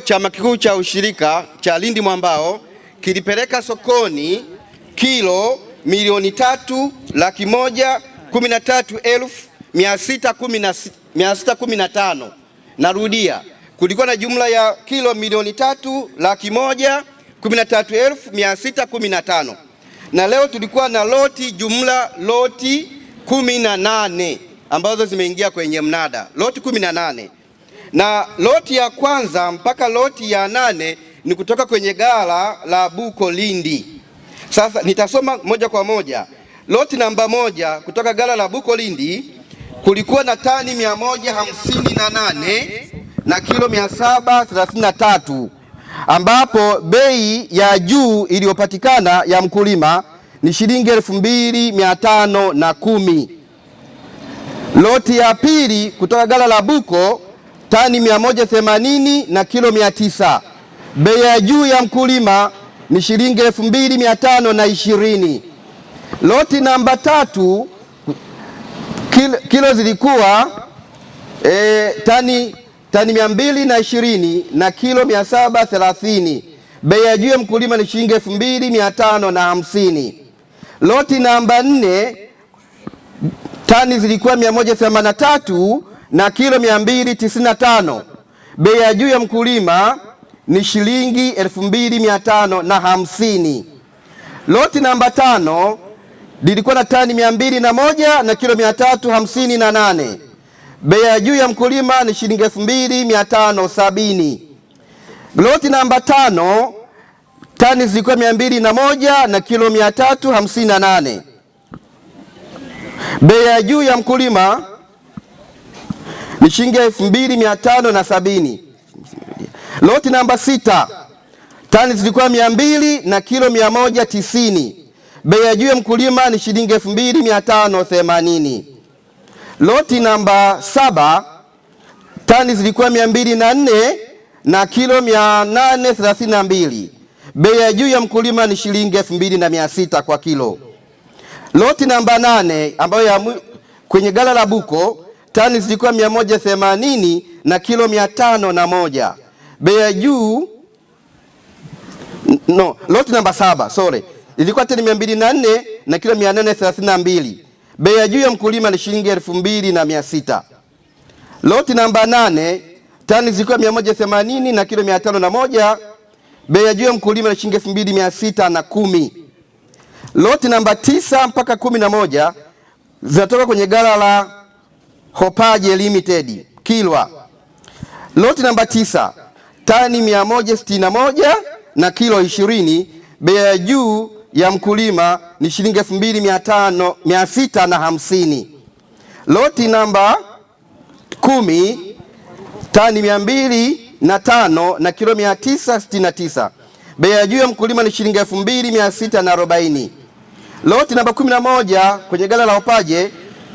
chama kikuu cha ushirika cha Lindi Mwambao kilipeleka sokoni kilo milioni tatu laki moja kumi na tatu elfu mia sita kumi na tano. Narudia, kulikuwa na jumla ya kilo milioni tatu laki moja kumi na tatu elfu mia sita kumi na tano na leo tulikuwa na loti jumla loti kumi na nane ambazo zimeingia kwenye mnada loti kumi na nane na loti ya kwanza mpaka loti ya nane ni kutoka kwenye gala la Buko Lindi. Sasa nitasoma moja kwa moja. Loti namba moja kutoka gala la Buko Lindi kulikuwa na tani 158 na kilo 733 ambapo bei ya juu iliyopatikana ya mkulima ni shilingi elfu mbili mia tano na kumi. Loti ya pili kutoka gala la Buko tani 180 na kilo 900. Bei ya juu ya mkulima ni shilingi na ishirini. Loti namba tatu kilo, kilo zilikuwa e, tani tani mbili na kilo thelathini. Bei ya juu ya mkulima ni shilingi 25na hamsini. Loti namba nne tani zilikuwa tatu na kilo 295 bei ya juu ya mkulima ni shilingi na 2550. Loti namba tano lilikuwa na tani 201 na kilo 358. Bei ya juu ya mkulima ni shilingi 2570. Loti namba tano tani zilikuwa 201 na kilo 358. Bei ya juu ya mkulima ni shilingi elfu mbili mia tano na sabini. Loti namba sita tani zilikuwa mia mbili na kilo mia moja tisini. Bei ya juu ya mkulima ni shilingi elfu mbili mia tano themanini. Loti namba saba tani zilikuwa mia mbili na nne na kilo mia nane thelathini na mbili. Bei ya juu ya mkulima ni shilingi elfu mbili na mia sita kwa kilo. Loti namba nane ambayo ya kwenye gala la Buko tani zilikuwa mia moja themanini na kilo mia tano na moja. Bei ya juu no, loti namba saba, sorry, ilikuwa tani mia mbili na nne na kilo mia nane thelathini na mbili. Bei ya juu ya mkulima ni shilingi elfu mbili na mia sita. Loti namba nane tani zilikuwa mia moja themanini na kilo mia tano na moja. Bei ya juu ya mkulima ni shilingi elfu mbili mia sita na kumi. Loti namba tisa mpaka kumi na moja zinatoka kwenye ghala la Hopaje Limited Kilwa, loti namba tisa, tani 161 na kilo 20. Bei ya juu ya mkulima ni shilingi hamsini Loti namba kumi, tani mia mbili na tano na kilo mia tisa tisa Bei ya juu ya mkulima ni shilingi 2640. Loti namba moja kwenye gala la Hopaje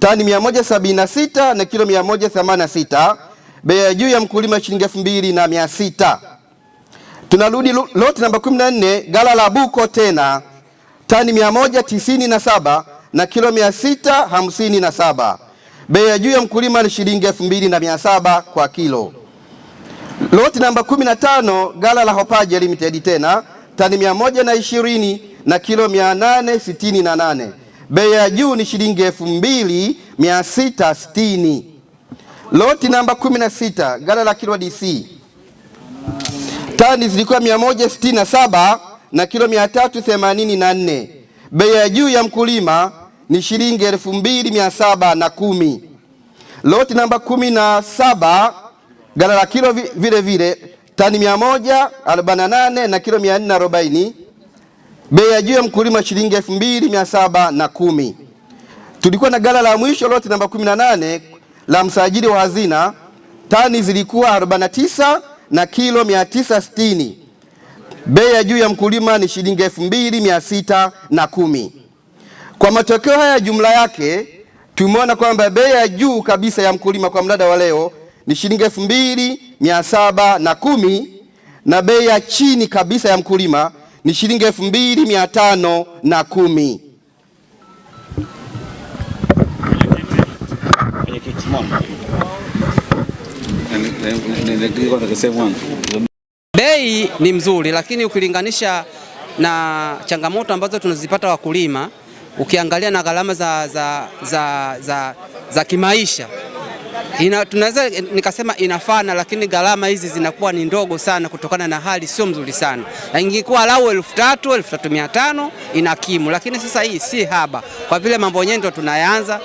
tani 176 na kilo 186, bei ya juu ya mkulima shilingi elfu mbili na mia sita. Tunarudi lot namba 14 gala la Buko tena tani 197 na kilo 657, bei ya juu ya mkulima ni shilingi elfu mbili na mia saba kwa kilo. Lot namba 15 gala la Hopaje Limited tena tani 120 na kilo 868 bei ya juu ni shilingi elfu mbili mia sita sitini. Loti namba 16 gala la Kilwa DC, tani zilikuwa 167 na kilo 384. Bei ya juu ya mkulima ni shilingi 2710. Loti namba 17 gala la Kilwa vile vile tani 148 na kilo 440 bei ya juu ya mkulima shilingi elfu mbili mia saba na kumi. Tulikuwa na gala la mwisho loti namba 18 la msajili wa hazina, tani zilikuwa 49 na kilo 960. Bei ya juu ya mkulima ni shilingi elfu mbili mia sita na kumi. Kwa matokeo haya jumla yake tumeona kwamba bei ya juu kabisa ya mkulima kwa mnada wa leo ni shilingi elfu mbili mia saba na kumi na bei ya chini kabisa ya mkulima ni shilingi elfu mbili mia tano na kumi. Bei ni mzuri, lakini ukilinganisha na changamoto ambazo tunazipata wakulima, ukiangalia na gharama za, za, za, za, za kimaisha ina, tunaweza nikasema inafana, lakini gharama hizi zinakuwa ni ndogo sana kutokana na hali sio mzuri sana. Ingekuwa lau elfu tatu elfu tatu mia tano inakimu, lakini sasa hii si haba, kwa vile mambo yenyewe ndio tunayaanza,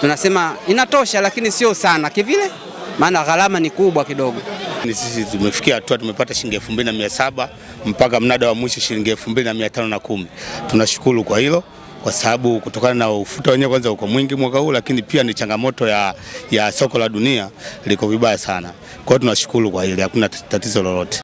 tunasema inatosha, lakini sio sana kivile, maana gharama ni kubwa kidogo. Ni sisi tumefikia hatua tumepata shilingi elfu mbili na mia saba mpaka mnada wa mwisho shilingi elfu mbili na mia tano na kumi. Tunashukuru kwa hilo kwa sababu kutokana na ufuta wenyewe kwanza uko mwingi mwaka huu, lakini pia ni changamoto ya, ya soko la dunia liko vibaya sana. Kwa hiyo tunashukuru kwa hili, hakuna tatizo lolote.